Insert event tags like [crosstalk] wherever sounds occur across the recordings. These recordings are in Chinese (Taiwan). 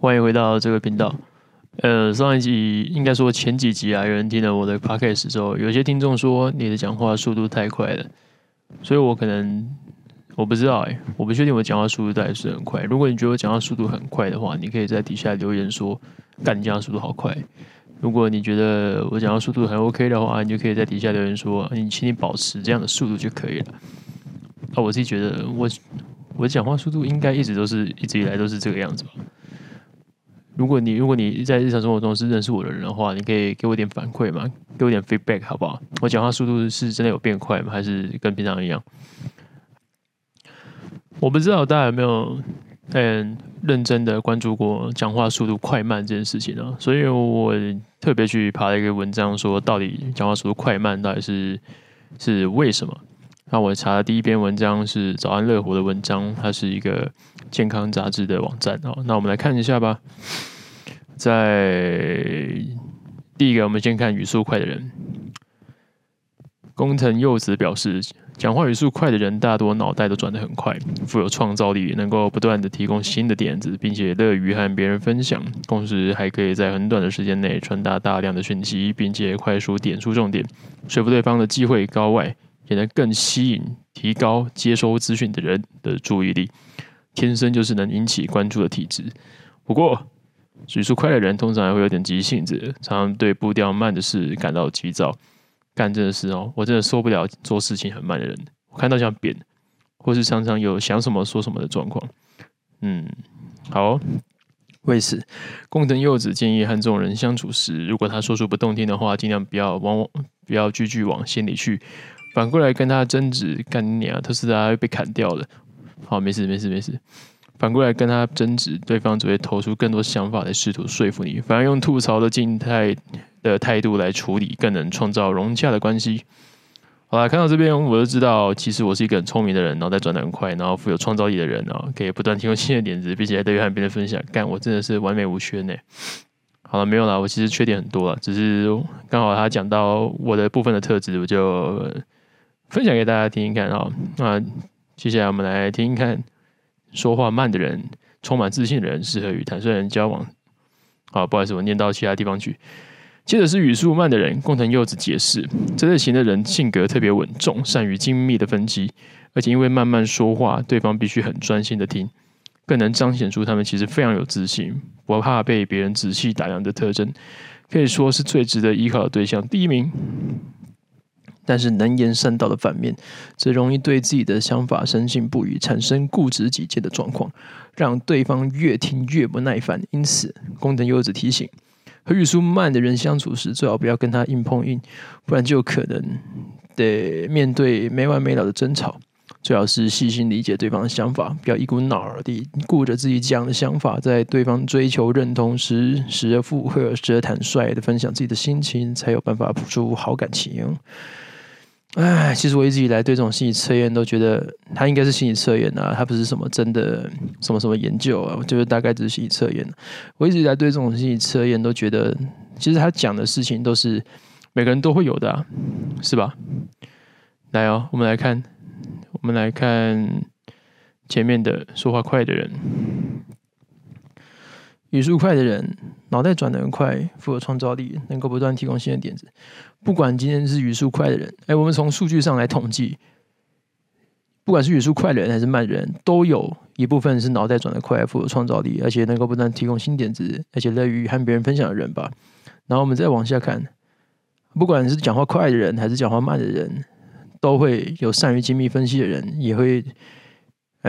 歡迎回到這個頻道。呃，上一集應該說前幾集啊，有人聽了我的 podcast 之後，有些聽眾說你的講話速度太快了，所以我可能我不知道哎、欸，我不確定我講話速度到底是很快。如果你覺得我講話速度很快的話，你可以在底下留言說“幹你講話速度好快”。如果你覺得我講話速度還 OK 的話，你就可以在底下留言說“你請你保持這樣的速度就可以了”。啊，我自己覺得我我講話速度應該一直都是一直以來都是這個樣子。如果你如果你在日常生活中是認識我的人的話，你可以給我點反饋嘛，給我點 feedback 好不好？我講話速度是真的有變快嗎？還是跟平常一樣？我不知道大家有沒有在認真的關注過講話速度快慢這件事情啊，所以我特別去爬了一個文章，說到底講話速度快慢到底是是為什麼？那我查的第一篇文章是《早安樂活》的文章，它是一個健康雜誌的網站哦。那我們來看一下吧。在第一個，我們先看語速快的人。工藤幼子表示，講話語速快的人大多腦袋都轉得很快，富有創造力，能夠不斷的提供新的點子，並且樂於和別人分享，同時還可以在很短的時間內傳達大量的訊息，並且快速點出重點，說服對方的機會高外。也能更吸引、提高接收資訊的人的注意力，天生就是能引起關注的體質。不過，嘴速快的人通常還會有點急性子，常常對步調慢的事感到急躁。幹這件事哦，我真的受不了做事情很慢的人，我看到像扁，或是常常有想什麼說什麼的狀況。嗯，好、哦。為此，宮藤幼子建議和這種人相處時，如果他說出不動聽的話，儘量不要往往不要句句往心裡去。反過來跟他爭執。幹你啊，特斯拉被砍掉了。好，沒事沒事沒事。反過來跟他爭執，對方只會投出更多想法來試圖說服你。反而用吐槽的靜態的態度來處理，更能創造融洽的關係。好啦，看到這邊我就知道，其實我是一個很聰明的人，然後在轉的很快，然後富有創造力的人，然後可以不斷提供新的點子，並且樂於和別人分享。幹，我真的是完美無缺呢。好了，沒有了，我其實缺點很多了，只是剛好他講到我的部分的特質，我就。分享給大家聽一看啊，那接下來我們來聽一看，說話慢的人，充滿自信的人適合與坦率人交往。好，不好意思，我念到其他地方去。接着是語速慢的人，共同幼稚解釋，這類型的人性格特別穩重，善於精密的分析，而且因為慢慢說話，對方必須很專心的聽，更能彰顯出他們其實非常有自信，不怕被別人仔細打量的特徵，可以說是最值得依靠的對象。第一名。但是能言善道的反面，則容易對自己的想法深信不疑，產生固執己見的狀況，讓對方越聽越不耐煩。因此，宮藤悠子提醒：和語速慢的人相處時，最好不要跟他硬碰硬，不然就可能得面對沒完沒了的爭吵。最好是細心理解對方的想法，不要一股腦地顧着自己講的想法，在對方追求認同時，時而附和，時而坦率地分享自己的心情，才有辦法付出好感情。哎，其實我一直以來對這種心理測驗都覺得，他應該是心理測驗啊，他不是什麼真的什麼什麼研究啊，就是大概只是心理測驗。我一直以來對這種心理測驗都覺得，其實他講的事情都是每個人都會有的啊，是吧？來哦，我們來看，我們來看前面的說話快的人，語速快的人。腦袋轉得很快，富有創造力，能夠不斷提供新的點子。不管今天是語速快的人，哎、欸，我們從數據上來統計，不管是語速快的人還是慢的人，都有一部分是腦袋轉得快、富有創造力，而且能夠不斷提供新點子，而且樂於和別人分享的人吧。然後我們再往下看，不管是講話快的人還是講話慢的人，都會有善於精密分析的人，也會。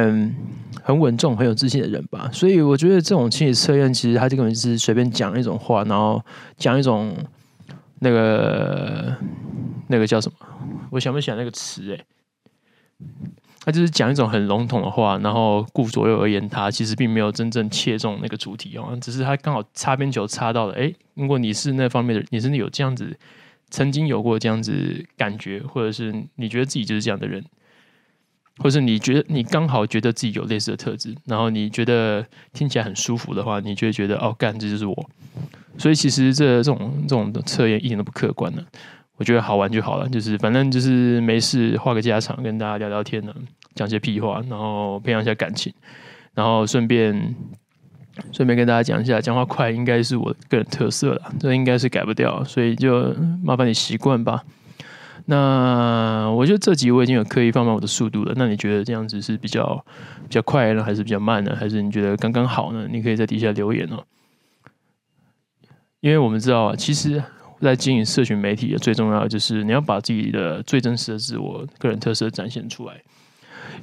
嗯，很穩重、很有自信的人吧，所以我覺得這種心理測驗其實他這個人是隨便講一種話，然後講一種那個那個叫什麼？我想不起來那個詞哎、欸。他就是講一種很籠統的話，然後顧左右而言，他其實並沒有真正切中那個主題哦，只是他剛好擦邊球擦到了。哎、欸，如果你是那方面的，你真的有這樣子，曾經有過這樣子感覺，或者是你覺得自己就是這樣的人。或是你覺得你剛好覺得自己有類似的特質，然後你覺得聽起來很舒服的話，你就會覺得哦，幹這就是我。所以其實這這種這種的測驗一點都不客觀的，我覺得好玩就好了，就是反正就是沒事畫個家常，跟大家聊聊天呢、啊，講些屁話，然後培養一下感情，然後順便順便跟大家講一下，講話快應該是我個人特色了，這應該是改不掉，所以就麻煩你習慣吧。那我覺得這集我已經有刻意放慢我的速度了。那你覺得這樣子是比較比較快呢，還是比較慢呢，還是你覺得剛剛好呢？你可以在底下留言哦。因為我們知道啊，其實，在經營社群媒體的最重要的就是你要把自己的最真實的自我、個人特色展現出來。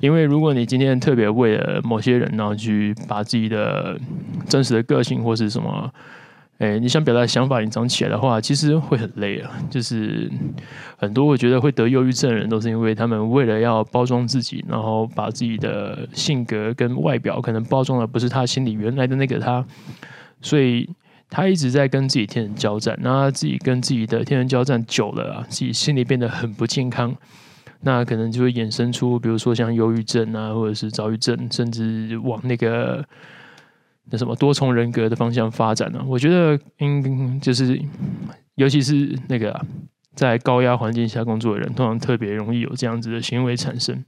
因為如果你今天特別為了某些人然後去把自己的真實的個性或是什麼。誒、欸，你想表達的想法，你隱藏起來的話，其實會很累啊。就是很多我覺得會得憂鬱症的人，都是因為他們為了要包裝自己，然後把自己的性格跟外表可能包裝的不是他心裡原來的那個他，所以他一直在跟自己天人交戰。那自己跟自己的天人交戰久了啊，自己心裡變得很不健康，那可能就會衍生出，比如說像憂鬱症啊，或者是躁鬱症，甚至往那個。那什麼多重人格的方向發展呢、啊？我覺得，嗯，就是，尤其是那個、啊、在高壓環境下工作的人，通常特別容易有這樣子的行為產生。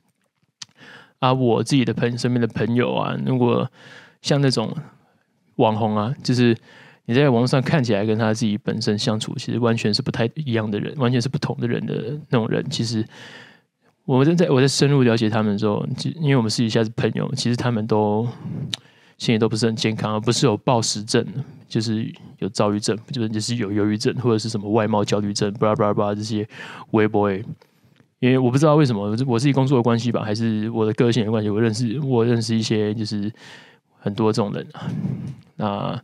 啊，我自己的朋友身邊的朋友啊，如果像那種網紅啊，就是你在網絡上看起來跟他自己本身相處，其實完全是不太一樣的人，完全是不同的人的那種人。其實，我正在我在深入了解他們的時候，因為我們私底下是朋友，其實他們都，心理都不是很健康，而不是有暴食症，就是有躁鬱症，就是就是有憂鬱症，或者是什麼外貌焦慮症，巴拉巴拉巴拉這些微不，哎，因為我不知道為什麼，我是自己工作的關係吧，還是我的個性的關係，我認識我認識一些就是很多這種人、啊、那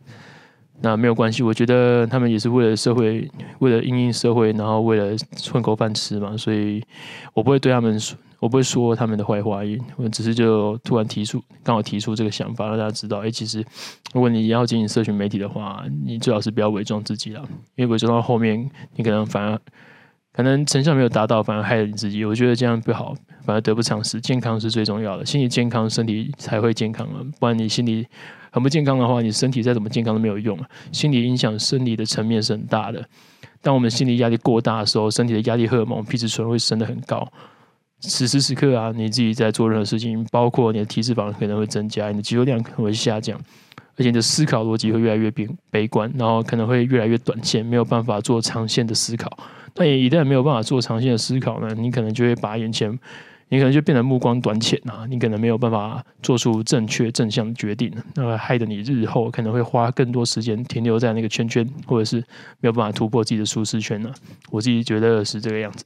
那沒有關係，我覺得他們也是為了社會，為了因應社會，然後為了混口飯吃嘛，所以我不會對他們說。我不會說他們的壞話，我只是就突然提出，剛好提出這個想法，讓大家知道，哎、欸，其實如果你要進行社群媒體的話，你最好是不要偽裝自己了，因為偽裝到後面，你可能反而可能成效沒有達到，反而害了你自己。我覺得這樣不好，反而得不償失。健康是最重要的，心理健康，身體才會健康啊！不然你心理很不健康的話，你身體再怎麼健康都沒有用啊。心理影響生理的層面是很大的。當我們心理壓力過大的時候，身體的壓力荷爾蒙皮質醇會升得很高。此時此刻啊，你自己在做任何事情，包括你的體脂肪可能會增加，你的肌肉量可能會下降，而且你的思考邏輯會越來越變悲觀，然後可能會越來越短線，沒有辦法做長線的思考。但也一旦沒有辦法做長線的思考呢，你可能就會把眼前，你可能就變得目光短淺啊，你可能沒有辦法做出正確正向的決定，那麼害得你日後可能會花更多時間停留在那個圈圈，或者是沒有辦法突破自己的舒適圈呢、啊。我自己覺得是這個樣子。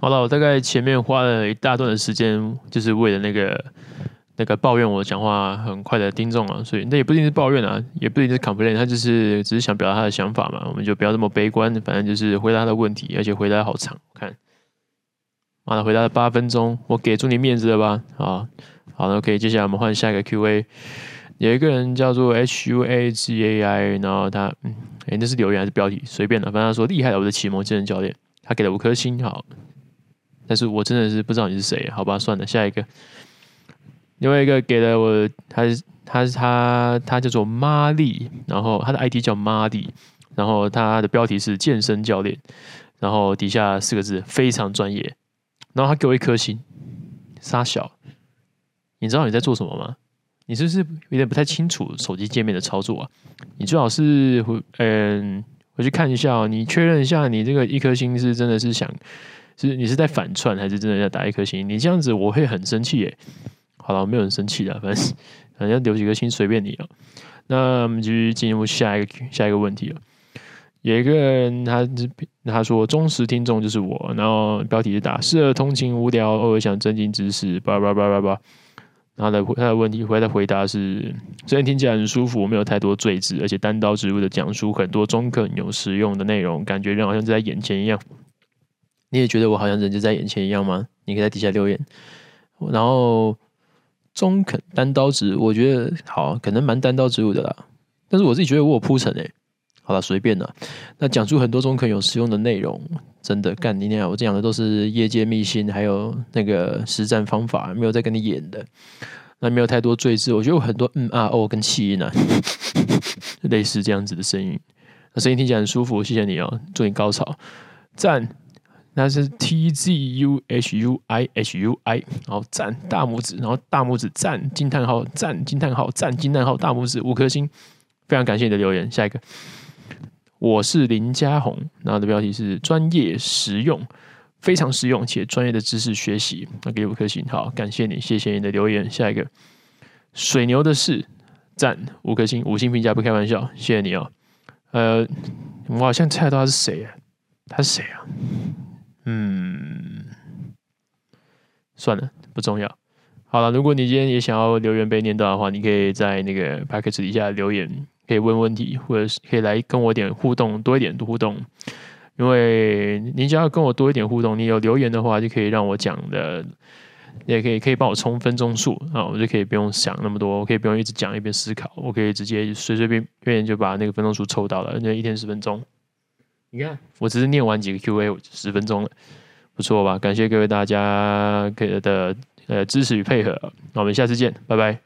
好了，我大概前面花了一大段的時間，就是為了那個那個抱怨我講話很快的聽眾啊，所以那也不一定是抱怨啊，也不一定是 complain，他就是只是想表達他的想法嘛，我們就不要這麼悲觀，反正就是回答他的問題，而且回答好長，我看，完了，回答了八分鐘，我給足你面子了吧？啊，好了，可以，接下來我們換下一個 Q A，有一個人叫做 H U A G A I，然後他，嗯，誒、欸，那是留言還是標題？隨便了，反正他說厲害了，我的啟蒙精神教練，他給了五顆星，好。但是我真的是不知道你是誰，好吧，算了，下一個，另外一個給了我，他他他他，他叫做瑪麗，然後他的 ID 叫瑪麗，然後他的標題是健身教練，然後底下四個字非常專業，然後他給我一顆星。沙小，你知道你在做什麼嗎？你是不是有點不太清楚手機界面的操作啊？你最好是，嗯，回去看一下喔，你確認一下，你這個一顆星是真的是想。是，你是在反串還是真的要打一顆星？你這樣子我會很生氣耶、欸。好了，我沒有很生氣的，反正反正留幾顆星隨便你了、啊。那我們繼續進入下一個下一個問題了。有一個人他，他他說忠實聽眾就是我，然後標題是打，適合通勤無聊，偶爾想增進知識，叭叭叭叭叭。然後的他的問題，回答的回答是：雖然聽起來很舒服，我沒有太多贅字，而且單刀直入的講述很多中肯有實用的內容，感覺人好像就在眼前一樣。你也覺得我好像人就在眼前一樣嗎？你可以在底下留言。然後中肯單刀直，我覺得好，可能蠻單刀直入的啦。但是我自己覺得我鋪陳哎，好了，隨便了。那講出很多中肯有實用的內容，真的干。今天我講的都是業界秘辛，還有那個實戰方法，沒有在跟你演的。那沒有太多贅字，我覺得有很多嗯啊哦跟氣音啊， [laughs] 類似這樣子的聲音。那聲音聽起來很舒服，謝謝你哦、喔，祝你高潮，讚。那是 t z u h u i h u i，然後讚大拇指，然後大拇指讚驚嘆號，讚驚嘆號，讚驚嘆號，大拇指五顆星，非常感謝你的留言。下一個，我是林嘉紅，然後的標題是專業實用，非常實用且專業的知識學習，那給五顆星，好，感謝你，謝謝你的留言。下一個，水牛的是讚五顆星，五星評價不開玩笑，謝謝你哦。呃，我好像猜到他是誰耶、啊？他是誰啊？嗯，算了，不重要。好了，如果你今天也想要留言被念到的話，你可以在那個 package 底下留言，可以問問題，或者是可以來跟我點互動，多一點互動。因為你只要跟我多一點互動，你有留言的話，就可以讓我講的，也可以可以幫我充分鐘數啊，然後我就可以不用想那麼多，我可以不用一直講一邊思考，我可以直接隨隨便便就把那個分鐘數抽到了，那一天十分鐘。你看，Yeah. 我只是念完幾個 Q&A，十分鐘了，不錯吧？感謝各位大家給的呃支持與配合，那我們下次見，拜拜。